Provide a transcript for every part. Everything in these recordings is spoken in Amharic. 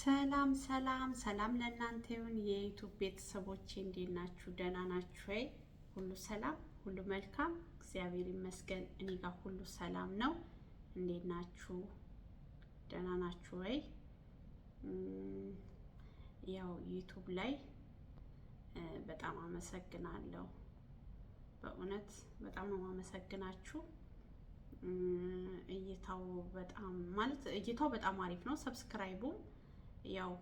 ሰላም ሰላም ሰላም ለእናንተ ይሁን የዩቱብ ቤተሰቦቼ፣ እንዴት ናችሁ? ደህና ናችሁ ወይ? ሁሉ ሰላም፣ ሁሉ መልካም፣ እግዚአብሔር ይመስገን። እኔ ጋር ሁሉ ሰላም ነው። እንዴት ናችሁ? ደህና ናችሁ ወይ? ያው ዩቱብ ላይ በጣም አመሰግናለሁ። በእውነት በጣም ነው አመሰግናችሁ። እይታው በጣም ማለት እይታው በጣም አሪፍ ነው። ሰብስክራይቡ ያው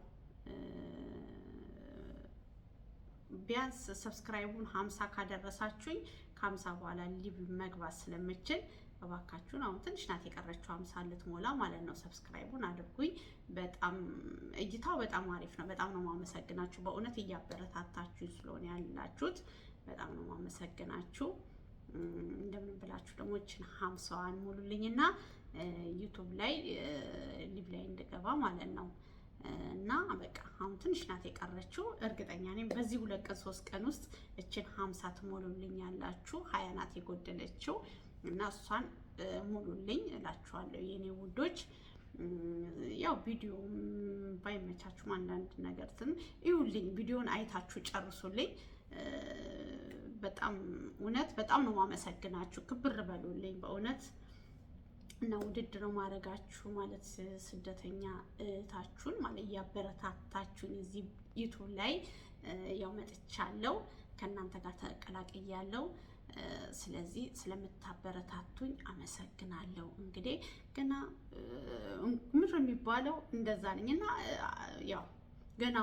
ቢያንስ ሰብስክራይቡን ሀምሳ ካደረሳችሁኝ ከሀምሳ በኋላ ሊቭ መግባት ስለምችል እባካችሁን አሁን ትንሽ ናት የቀረችው ሀምሳ ልትሞላ ማለት ነው። ሰብስክራይቡን አድርጉኝ። በጣም እይታው በጣም አሪፍ ነው። በጣም ነው ማመሰግናችሁ። በእውነት እያበረታታችሁኝ ስለሆነ ያላችሁት በጣም ነው ማመሰግናችሁ። እንደምን ብላችሁ ደግሞ ይችን ሀምሳዋን ሙሉልኝና ዩቱብ ላይ ሊቭ ላይ እንድገባ ማለት ነው። እና በቃ አሁን ትንሽ ናት የቀረችው። እርግጠኛ ነኝ በዚህ ሁለት ቀን ሶስት ቀን ውስጥ እችን ሀምሳ ትሞሉልኝ ያላችሁ ሀያ ናት የጎደለችው እና እሷን ሙሉልኝ እላችኋለሁ የኔ ውዶች። ያው ቪዲዮ ባይመቻችሁም አንዳንድ ነገር ትን ይሁልኝ ቪዲዮን አይታችሁ ጨርሱልኝ። በጣም እውነት በጣም ነው ማመሰግናችሁ። ክብር በሉልኝ በእውነት እና ውድድር ማድረጋችሁ ማለት ስደተኛ እህታችሁን ማለት እያበረታታችሁን እዚህ ዩቱብ ላይ ያው መጥቻለሁ፣ ከእናንተ ጋር ተቀላቅያለሁ። ስለዚህ ስለምታበረታቱኝ አመሰግናለሁ። እንግዲህ ገና ምድር የሚባለው እንደዛ ነኝ እና ያው ገና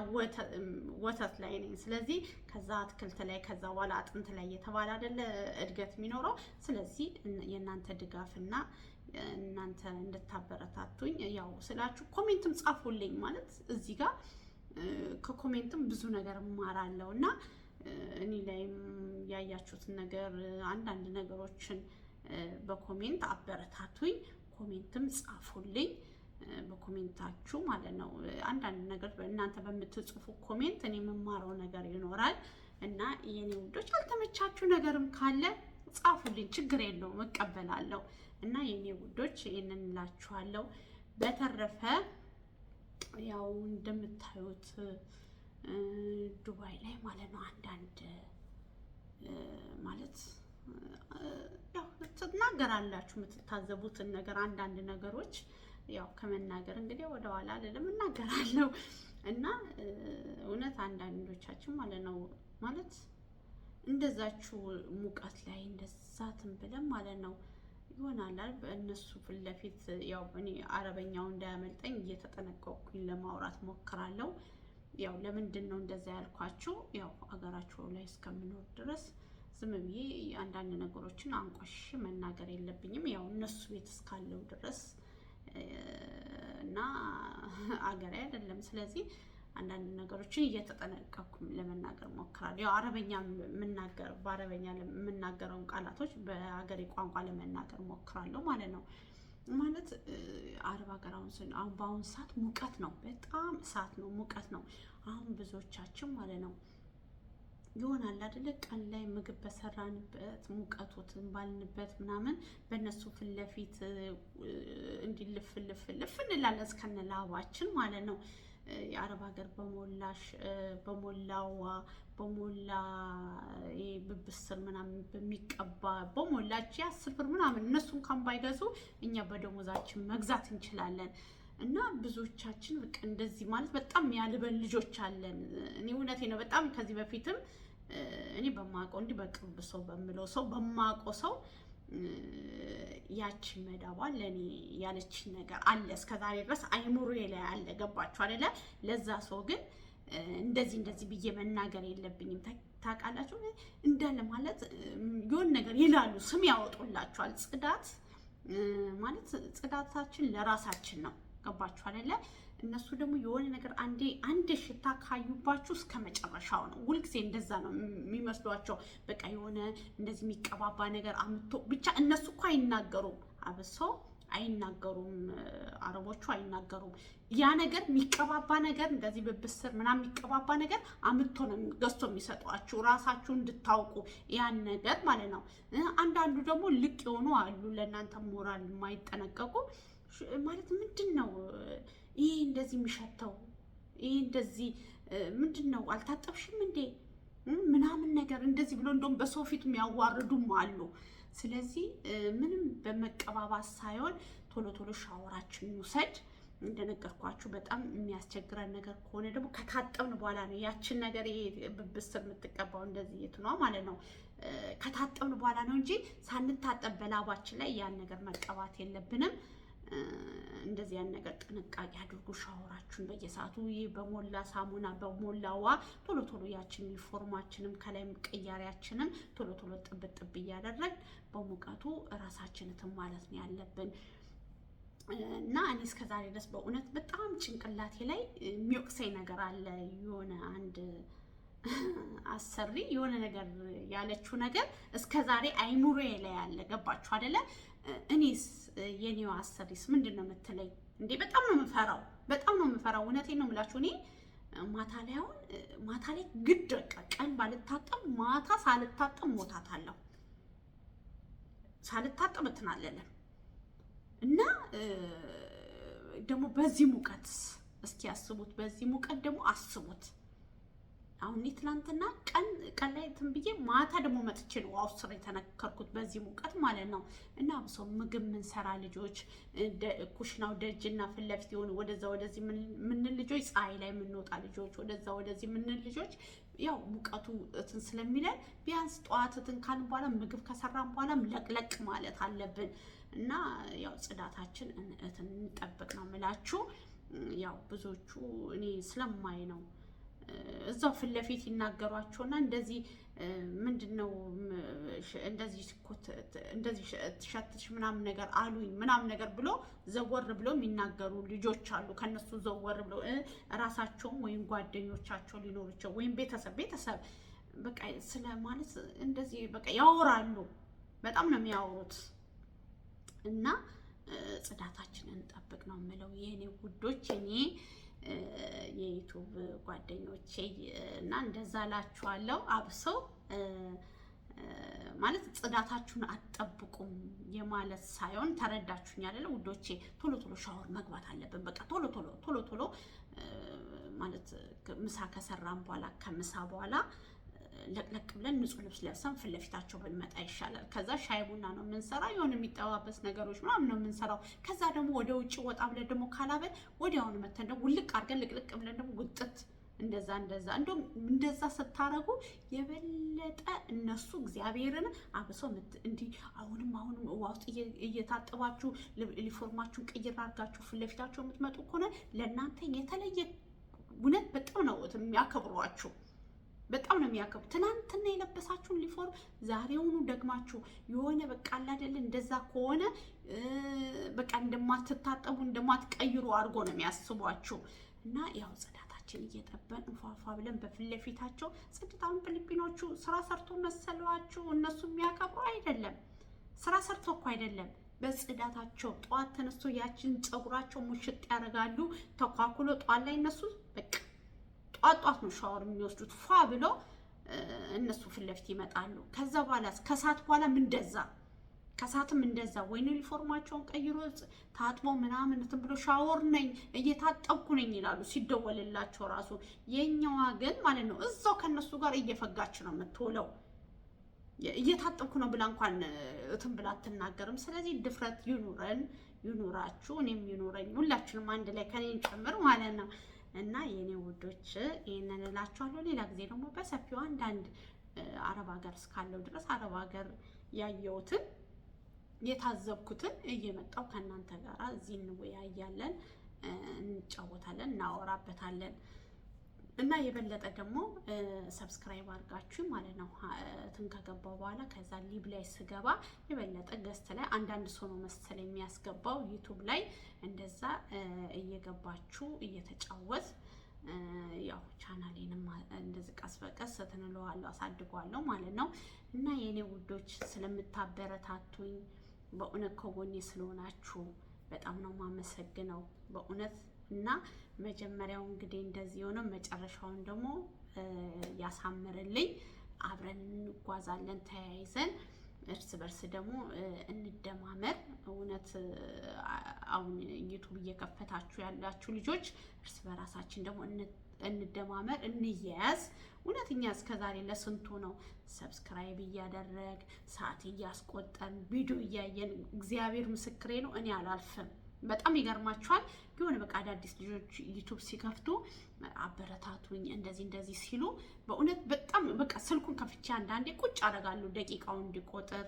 ወተት ላይ ነኝ። ስለዚህ ከዛ አትክልት ላይ ከዛ በኋላ አጥንት ላይ እየተባለ አይደለ እድገት የሚኖረው። ስለዚህ የእናንተ ድጋፍና እናንተ እንድታበረታቱኝ ያው ስላችሁ ኮሜንትም ጻፉልኝ። ማለት እዚህ ጋር ከኮሜንትም ብዙ ነገር እማራለሁ እና እኔ ላይም ያያችሁትን ነገር አንዳንድ ነገሮችን በኮሜንት አበረታቱኝ። ኮሜንትም ጻፉልኝ በኮሜንታችሁ ማለት ነው። አንዳንድ ነገር እናንተ በምትጽፉ ኮሜንት እኔ የምማረው ነገር ይኖራል እና የኔ ውዶች አልተመቻችሁ ነገርም ካለ ጻፉልኝ፣ ችግር የለውም እቀበላለሁ። እና የኔ ውዶች ይህንን እላችኋለሁ። በተረፈ ያው እንደምታዩት ዱባይ ላይ ማለት ነው አንዳንድ ማለት ትናገራላችሁ የምትታዘቡትን ነገር አንዳንድ ነገሮች ያው ከመናገር እንግዲህ ወደኋላ አልልም እናገራለሁ እና እውነት አንዳንዶቻችን ማለት ነው ማለት እንደዛችሁ ሙቀት ላይ እንደሳትም ብለን ማለት ነው ይሆናላል በእነሱ ፊት ለፊት ያው እኔ አረበኛው እንዳያመልጠኝ እየተጠነቀቅኩኝ ለማውራት ሞክራለሁ። ያው ለምንድን ነው እንደዛ ያልኳችሁ? ያው አገራችሁ ላይ እስከምኖር ድረስ ዝም ብዬ አንዳንድ ነገሮችን አንቋሽ መናገር የለብኝም። ያው እነሱ ቤት እስካለው ድረስ እና አገሬ አይደለም ስለዚህ አንዳንድ ነገሮችን እየተጠነቀኩ ለመናገር ሞክራለሁ። ያው አረበኛ የምናገር በአረበኛ የምናገረውን ቃላቶች በሀገሬ ቋንቋ ለመናገር ሞክራለሁ ማለት ነው። ማለት አረብ ሀገር አሁን በአሁኑ ሰዓት ሙቀት ነው፣ በጣም እሳት ነው፣ ሙቀት ነው። አሁን ብዙዎቻችን ማለት ነው ይሆናል አደለ፣ ቀን ላይ ምግብ በሰራንበት ሙቀቱትን ባልንበት ምናምን በእነሱ ፊት ለፊት እንዲልፍ እንላለን እስከነ ላባችን ማለት ነው። የአረብ ሀገር በሞላሽ በሞላዋ በሞላ ብብስር ምናምን በሚቀባ በሞላች የአስር ብር ምናምን እነሱ እንኳን ባይገዙ እኛ በደሞዛችን መግዛት እንችላለን። እና ብዙዎቻችን በቃ እንደዚህ ማለት በጣም ያልበን ልጆች አለን። እኔ እውነቴ ነው። በጣም ከዚህ በፊትም እኔ በማውቀው እንዲህ በቅርብ ሰው በምለው ሰው በማውቀው ሰው ያቺ መዳቧ ለእኔ ያለችን ነገር አለ። እስከዛሬ ድረስ አይምሮዬ ላይ አለ። ገባችሁ አይደለ? ለዛ ሰው ግን እንደዚህ እንደዚህ ብዬ መናገር የለብኝም። ታውቃላችሁ፣ እንዳለ ማለት የሆን ነገር ይላሉ፣ ስም ያወጡላችኋል። ጽዳት ማለት ጽዳታችን ለራሳችን ነው። ገባችሁ አይደለ? እነሱ ደግሞ የሆነ ነገር አንዴ አንድ ሽታ ካዩባችሁ እስከ መጨረሻው ነው። ሁልጊዜ እንደዛ ነው የሚመስሏቸው። በቃ የሆነ እንደዚህ የሚቀባባ ነገር አምቶ ብቻ እነሱ እኮ አይናገሩም፣ አብሶ አይናገሩም፣ አረቦቹ አይናገሩም። ያ ነገር የሚቀባባ ነገር እንደዚህ ብብስር ምናምን የሚቀባባ ነገር አምቶ ነው ገዝቶ የሚሰጧችሁ ራሳችሁ እንድታውቁ ያን ነገር ማለት ነው። አንዳንዱ ደግሞ ልቅ የሆኑ አሉ፣ ለእናንተ ሞራል የማይጠነቀቁ ማለት ምንድን ነው ይሄ እንደዚህ የሚሸተው ይሄ እንደዚህ ምንድን ነው አልታጠብሽም እንዴ ምናምን ነገር እንደዚህ ብሎ እንደውም በሰው ፊት የሚያዋርዱም አሉ። ስለዚህ ምንም በመቀባባት ሳይሆን ቶሎ ቶሎ ሻወራችን ውሰድ እንደነገርኳችሁ በጣም የሚያስቸግረን ነገር ከሆነ ደግሞ ከታጠብን በኋላ ነው ያችን ነገር ይሄ ብብስር የምትቀባው እንደዚህ የት ነው ማለት ነው። ከታጠብን በኋላ ነው እንጂ ሳንታጠብ በላባችን ላይ ያን ነገር መቀባት የለብንም። እንደዚህ ያን ነገር ጥንቃቄ አድርጉ። ሻወራችሁን በየሰዓቱ ይህ በሞላ ሳሙና በሞላ ውሃ ቶሎ ቶሎ ያችን ዩኒፎርማችንም ከላይም ቅያሪያችንም ቶሎ ቶሎ ጥብጥብ ጥብ እያደረግን በሙቀቱ እራሳችንትን ማለት ነው ያለብን እና እኔ እስከዛሬ ድረስ በእውነት በጣም ጭንቅላቴ ላይ የሚወቅሰኝ ነገር አለ የሆነ አንድ አሰሪ የሆነ ነገር ያለችው ነገር እስከ ዛሬ አይምሮዬ ላይ ያለ ገባችሁ አደለ? እኔስ የኔው አሰሪስ ምንድን ነው የምትለኝ እንዴ? በጣም ነው የምፈራው፣ በጣም ነው የምፈራው። እውነቴን ነው የምላችሁ። እኔ ማታ ላይ አሁን ማታ ላይ ግድ በቃ ቀን ባልታጠብ ማታ ሳልታጠብ ሞታታለሁ። ሳልታጠብ እትናለለን እና ደግሞ በዚህ ሙቀት እስኪ አስቡት። በዚህ ሙቀት ደግሞ አስቡት። አሁን ትናንትና ቀን ቀን ላይ እንትን ብዬ ማታ ደግሞ መጥቼ ነው ዋው ስራ የተነከርኩት በዚህ ሙቀት ማለት ነው። እና ብሶ ምግብ ምንሰራ ልጆች ኩሽናው ደጅና ፊት ለፊት የሆኑ ወደዛ ወደዚህ ምንል ልጆች ፀሐይ ላይ የምንወጣ ልጆች ወደዛ ወደዚህ ምንል ልጆች ያው ሙቀቱ እንትን ስለሚለን ቢያንስ ጠዋት እንትን በኋላ ምግብ ከሰራን በኋላም ለቅለቅ ማለት አለብን እና ያው ጽዳታችን እንጠብቅ ነው ምላችሁ ያው ብዙዎቹ እኔ ስለማይ ነው እዛው ፊት ለፊት ይናገሯቸውና እንደዚህ ምንድን ነው እንደዚህ እንደዚህ ትሸትሽ ምናምን ነገር አሉኝ ምናምን ነገር ብሎ ዘወር ብሎ የሚናገሩ ልጆች አሉ። ከነሱ ዘወር ብሎ ራሳቸውም ወይም ጓደኞቻቸው ሊኖሩቸው ወይም ቤተሰብ ቤተሰብ በቃ ስለ ማለት እንደዚህ በቃ ያወራሉ። በጣም ነው የሚያወሩት እና ጽዳታችንን እንጠብቅ ነው የምለው የእኔ ውዶች እኔ የዩቱብ ጓደኞቼ እና እንደዛ ላችኋለሁ። አብሰው ማለት ጽዳታችሁን አትጠብቁም የማለት ሳይሆን ተረዳችሁኝ አይደለ ውዶቼ? ቶሎ ቶሎ ሻወር መግባት አለብን። በቃ ቶሎ ቶሎ ቶሎ ቶሎ ማለት ምሳ ከሰራን በኋላ ከምሳ በኋላ ለቅለቅ ብለን ንጹህ ልብስ ለብሰን ፊት ለፊታቸው ብንመጣ ይሻላል። ከዛ ሻይ ቡና ነው የምንሰራ፣ የሆነ የሚጠባበስ ነገሮች ምናምን ነው የምንሰራው። ከዛ ደግሞ ወደ ውጭ ወጣ ብለን ደግሞ ካላበን ወዲያውኑ መተን ደግሞ ውልቅ አድርገን ልቅልቅ ብለን ደግሞ ውጥት እንደዛ እንደዛ እንደውም እንደዛ ስታረጉ የበለጠ እነሱ እግዚአብሔርን አብሶ እንዲህ አሁንም አሁንም ውሃ ውስጥ እየታጠባችሁ ሊፎርማችሁን ቅይር አድርጋችሁ ፊት ለፊታቸው የምትመጡ ከሆነ ለእናንተ የተለየ እውነት በጣም ነው የሚያከብሯችሁ። በጣም ነው የሚያከብሩ። ትናንትና የለበሳችሁን ሊፎር ዛሬውኑ ደግማችሁ የሆነ በቃ አይደለ እንደዛ ከሆነ በቃ እንደማትታጠቡ እንደማትቀይሩ አድርጎ ነው የሚያስቧችሁ። እና ያው ጽዳታችን እየጠበን እንፏፏ ብለን በፊት ለፊታቸው ጽድታውን ፊሊፒኖቹ ስራ ሰርቶ መሰሏችሁ? እነሱ የሚያከብሩ አይደለም። ስራ ሰርቶ እኮ አይደለም በጽዳታቸው ጠዋት ተነስቶ ያችን ፀጉራቸው ሙሽጥ ያደርጋሉ። ተኳኩሎ ጠዋት ላይ እነሱ በቃ ጧት ጧት ነው ሻወር የሚወስዱት። ፏ ብሎ እነሱ ፊት ለፊት ይመጣሉ። ከዛ በኋላ ከሰዓት በኋላ እንደዛ ከሰዓትም እንደዛ ወይ ዩኒፎርማቸውን ቀይሮ ታጥቦ ምናምን እንትን ብሎ ሻወር ነኝ እየታጠብኩ ነኝ ይላሉ ሲደወልላቸው ራሱ። የኛዋ ግን ማለት ነው እዛው ከነሱ ጋር እየፈጋች ነው የምትውለው። እየታጠብኩ ነው ብላ እንኳን እትን ብላ አትናገርም። ስለዚህ ድፍረት ይኑረን ይኑራችሁ፣ እኔም ይኑረኝ፣ ሁላችንም አንድ ላይ ከኔን ጨምር ማለት ነው። እና የኔ ውዶች ይህንን እላችኋለሁ። ሌላ ጊዜ ደግሞ በሰፊው አንዳንድ አረብ ሀገር እስካለው ድረስ አረብ ሀገር ያየሁትን የታዘብኩትን እየመጣው ከእናንተ ጋር እዚህ እንወያያለን፣ እንጫወታለን፣ እናወራበታለን። እና የበለጠ ደግሞ ሰብስክራይብ አድርጋችሁ ማለት ነው። እንትን ከገባው በኋላ ከዛ ሊብ ላይ ስገባ የበለጠ ገስት ላይ አንዳንድ ሰው ነው መሰል የሚያስገባው ዩቱብ ላይ እንደዛ እየገባችሁ እየተጫወት ያው ቻናሌንም እንደዚህ ቀስ በቀስ ትንለዋለሁ አሳድጓለሁ ማለት ነው። እና የእኔ ውዶች ስለምታበረታቱኝ በእውነት ከጎኔ ስለሆናችሁ በጣም ነው ማመሰግነው በእውነት እና መጀመሪያው እንግዲህ እንደዚህ የሆነ መጨረሻውን ደግሞ ያሳምርልኝ። አብረን እንጓዛለን ተያይዘን እርስ በርስ ደግሞ እንደማመር። እውነት አሁን ዩቱብ እየከፈታችሁ ያላችሁ ልጆች እርስ በራሳችን ደግሞ እንደማመር፣ እንያያዝ። እውነተኛ እስከዛሬ ለስንቱ ነው ሰብስክራይብ እያደረግ ሰዓት እያስቆጠርን ቪዲዮ እያየን፣ እግዚአብሔር ምስክሬ ነው እኔ አላልፍም። በጣም ይገርማችኋል። የሆነ በቃ አዳዲስ ልጆች ዩቱብ ሲከፍቱ አበረታቱኝ እንደዚህ እንደዚህ ሲሉ በእውነት በጣም በቃ ስልኩን ከፍቼ አንዳንዴ ቁጭ አደርጋለሁ ደቂቃው እንዲቆጥር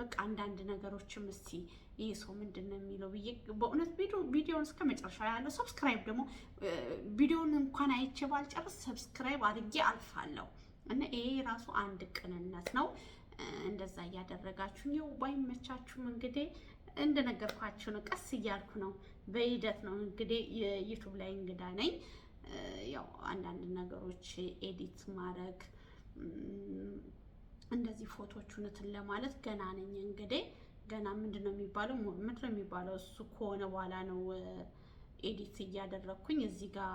በቃ አንዳንድ ነገሮችም እስቲ ይህ ሰው ምንድን ነው የሚለው ብዬ በእውነት ቪዲዮን እስከ መጨረሻ ያለው ሰብስክራይብ ደግሞ ቪዲዮን እንኳን አይቼ ባልጨርስ ሰብስክራይብ አድርጌ አልፋለሁ እና ይሄ ራሱ አንድ ቅንነት ነው። እንደዛ እያደረጋችሁ ይው ባይመቻችሁም እንግዲህ እንደነገርኳችሁ ነው። ቀስ እያልኩ ነው፣ በሂደት ነው። እንግዲህ ዩቱብ ላይ እንግዳ ነኝ። ያው አንዳንድ ነገሮች ኤዲት ማድረግ እንደዚህ ፎቶች እውነትን ለማለት ገና ነኝ። እንግዲህ ገና ምንድን ነው የሚባለው ምንድን ነው የሚባለው እሱ ከሆነ በኋላ ነው ኤዲት እያደረግኩኝ እዚህ ጋር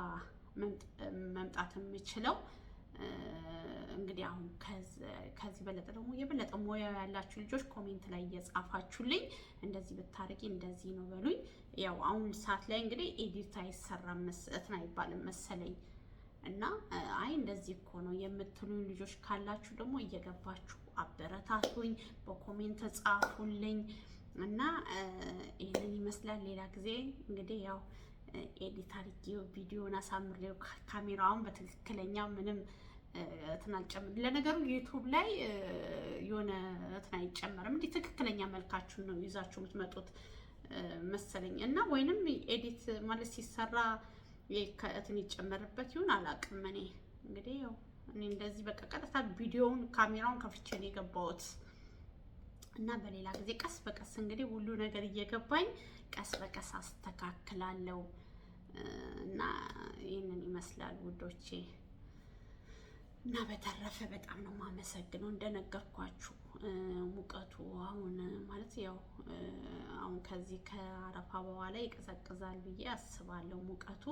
መምጣት የምችለው። እንግዲህ አሁን ከዚህ በለጠ ደግሞ የበለጠ ሙያ ያላችሁ ልጆች ኮሜንት ላይ እየጻፋችሁልኝ እንደዚህ ብታረጊ እንደዚህ ነው በሉኝ። ያው አሁን ሰዓት ላይ እንግዲህ ኤዲት አይሰራም መስጠትን አይባልም መሰለኝ እና አይ እንደዚህ እኮ ነው የምትሉ ልጆች ካላችሁ ደግሞ እየገባችሁ አበረታቱኝ፣ በኮሜንት ጻፉልኝ እና ይህንን ይመስላል። ሌላ ጊዜ እንግዲህ ያው ኤዲት አድርጌው ቪዲዮን አሳምሬው ካሜራውን በትክክለኛ ምንም እንትን አልጨምርም። ለነገሩ ዩቱብ ላይ የሆነ እንትን አይጨመርም። እንዲህ ትክክለኛ መልካችሁን ነው ይዛችሁ የምትመጡት መሰለኝ እና ወይንም ኤዲት ማለት ሲሰራ እንትን ይጨመርበት ይሁን አላውቅም። እኔ እንግዲህ ያው እኔ እንደዚህ በቃ ቀጥታ ቪዲዮውን ካሜራውን ከፍቼ ነው የገባሁት እና በሌላ ጊዜ ቀስ በቀስ እንግዲህ ሁሉ ነገር እየገባኝ ቀስ በቀስ አስተካክላለሁ። እና ይህንን ይመስላል ውዶቼ። እና በተረፈ በጣም ነው የማመሰግነው። እንደነገርኳችሁ ሙቀቱ አሁን ማለት ያው አሁን ከዚህ ከአረፋ በኋላ ይቀዘቅዛል ብዬ አስባለሁ። ሙቀቱ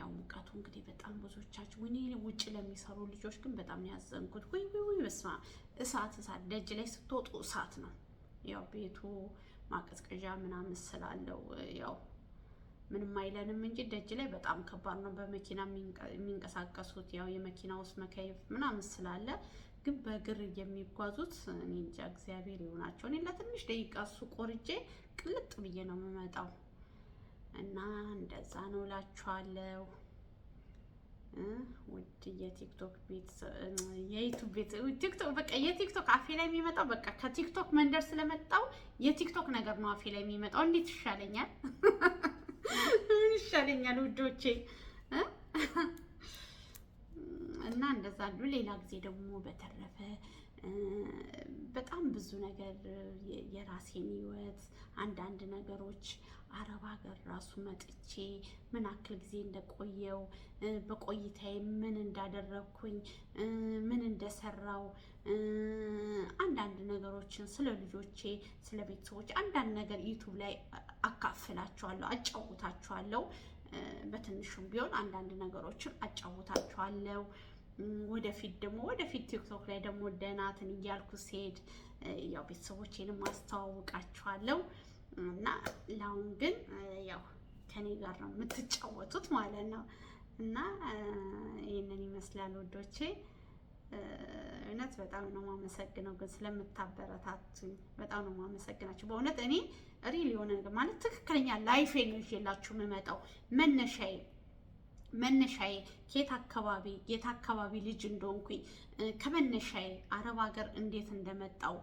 ያው ሙቀቱ እንግዲህ በጣም ብዙዎቻችሁ ወይኔ ውጭ ለሚሰሩ ልጆች ግን በጣም ነው ያዘንኩት። ወይ ወይ በስማ እሳት እሳት ደጅ ላይ ስትወጡ እሳት ነው ያው ቤቱ ማቀዝቀዣ ምናምን ስላለው ያው ምንም አይለንም እንጂ ደጅ ላይ በጣም ከባድ ነው። በመኪና የሚንቀሳቀሱት ያው የመኪና ውስጥ መከየፍ ምናምን ስላለ፣ ግን በእግር የሚጓዙት እኔ እንጃ እግዚአብሔር ይሆናቸው። እኔ ለትንሽ ደቂቃ እሱ ቆርጬ ቅልጥ ብዬ ነው የምመጣው እና እንደዛ ነው እላችኋለሁ። ውድ የቲክቶክ ቤት የዩቱብ ቤት ቲክቶክ በቃ የቲክቶክ አፌ ላይ የሚመጣው በቃ ከቲክቶክ መንደር ስለመጣው የቲክቶክ ነገር ነው አፌ ላይ የሚመጣው። እንዴት ይሻለኛል ምን ይሻለኛል ውዶቼ? እና እንደዛ አሉ። ሌላ ጊዜ ደግሞ በተረፈ በጣም ብዙ ነገር የራሴን ህይወት አንዳንድ ነገሮች አረብ ሀገር ራሱ መጥቼ ምን አክል ጊዜ እንደቆየው በቆይታዬ ምን እንዳደረግኩኝ ምን እንደሰራው አንዳንድ ነገሮችን ስለ ልጆቼ፣ ስለ ቤተሰቦች አንዳንድ ነገር ዩቱብ ላይ አካፍላችኋለሁ፣ አጫውታችኋለሁ። በትንሹም ቢሆን አንዳንድ ነገሮችን አጫውታችኋለሁ። ወደፊት ደግሞ ወደፊት ቲክቶክ ላይ ደግሞ ደናትን እያልኩ ስሄድ ያው ቤተሰቦቼንም አስተዋውቃችኋለሁ እና ለአሁን ግን ያው ከኔ ጋር ነው የምትጫወቱት ማለት ነው እና ይህንን ይመስላል ወዶቼ። እውነት በጣም ነው ማመሰግነው፣ ግን ስለምታበረታቱኝ በጣም ነው ማመሰግናችሁ። በእውነት እኔ ሪል የሆነ ነገር ማለት ትክክለኛ ላይፍ ነው ይዤላችሁ የምመጣው መነሻዬ መነሻዬ ከየት አካባቢ የት አካባቢ ልጅ እንደሆንኩኝ ከመነሻዬ አረብ ሀገር እንዴት እንደመጣው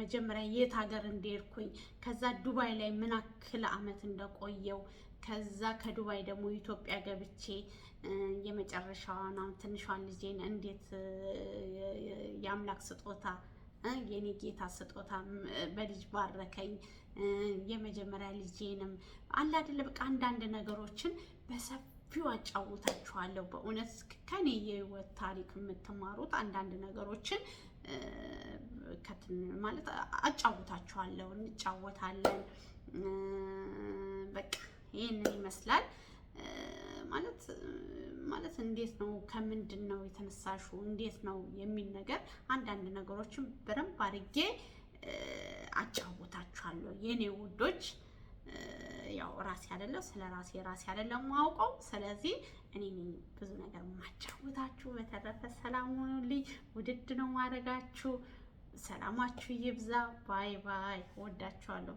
መጀመሪያ የት ሀገር እንደሄድኩኝ ከዛ ዱባይ ላይ ምን አክል አመት እንደቆየው ከዛ ከዱባይ ደግሞ ኢትዮጵያ ገብቼ የመጨረሻዋን አሁን ትንሿን ልጄን እንዴት የአምላክ ስጦታ የኔ ጌታ ስጦታ በልጅ ባረከኝ። የመጀመሪያ ልጄንም አለ አይደለ በቃ አንዳንድ ነገሮችን በሰፊው አጫውታችኋለሁ። በእውነት ከኔ የህይወት ታሪክ የምትማሩት አንዳንድ ነገሮችን ማለት አጫውታችኋለሁ። እንጫወታለን በቃ ይህንን ይመስላል። ማለት ማለት እንዴት ነው ከምንድን ነው የተነሳሹ እንዴት ነው የሚል ነገር አንዳንድ ነገሮችን በደንብ አድርጌ አለ የኔ ውዶች። ያው ራሴ አይደለም ስለ ራሴ ራሴ አይደለም ማውቀው። ስለዚህ እኔ ብዙ ነገር ማጫወታችሁ። በተረፈ ሰላም ሁኑልኝ። ውድድ ነው ማድረጋችሁ። ሰላማችሁ ይብዛ። ባይ ባይ። ወዳችኋለሁ።